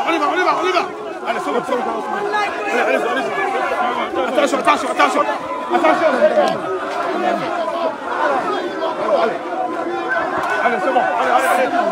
قريبه قريبه قريبه على سوق سوق سوق 11 11 11 11 على سوق على على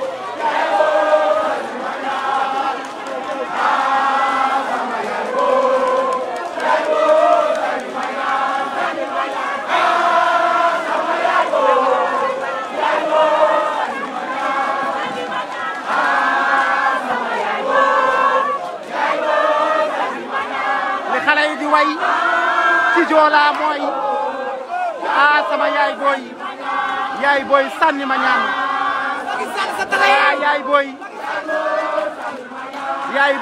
joolaa mooy a ah, sama yaay booy yaay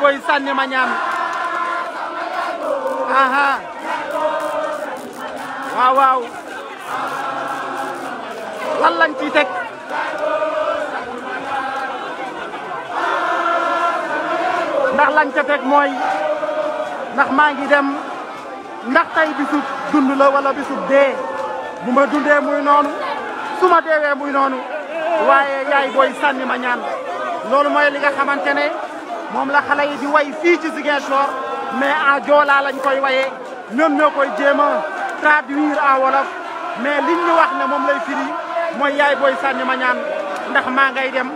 booy ah, waaw waaw lan lañ teg ndax lañ ca teg mooy ndax maa dem ndax tey bisu dund la wala bisu dee bu ma dundee muy noonu su ma deewee muy noonu waaye yaay booy sànni ma ñaan loolu mooy li nga xamante ne moom la xale yi di way fii ci Ziguinchor mais en joolaa lañ koy wayee ñoom ñoo koy jéem a traduire en wolof mais liñ ñu wax ne moom lay firi mooy yaay booy sànni ma ñaan ndax maa ngay dem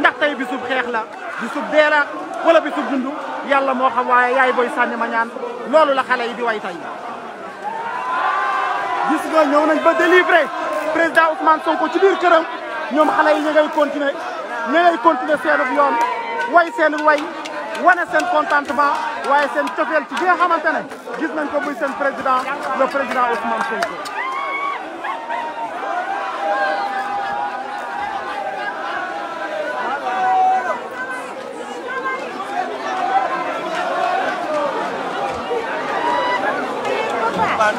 ndax tey bisub xeex la bisub dee la wala bisub dund yàlla moo xam waaye yaay boy sànni ma ñaan lolu la xale yi di way tay gis nga ñëw nañ ba délivrer président Ousmane Sonko ci bir kërëm ñom xale yi ñay continuer ñay ngay continuer seenub yoon way seen way wone seen contentement waaye seen tofel ci bi nga xamantene gis nañ ko muy seen président le président Ousmane Sonko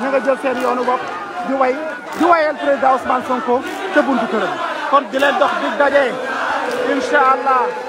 ñu nga jël seen yoonu bopp di way di wayal président Ousmane Sonko te buntu këram kon di leen dox di daje incha allah.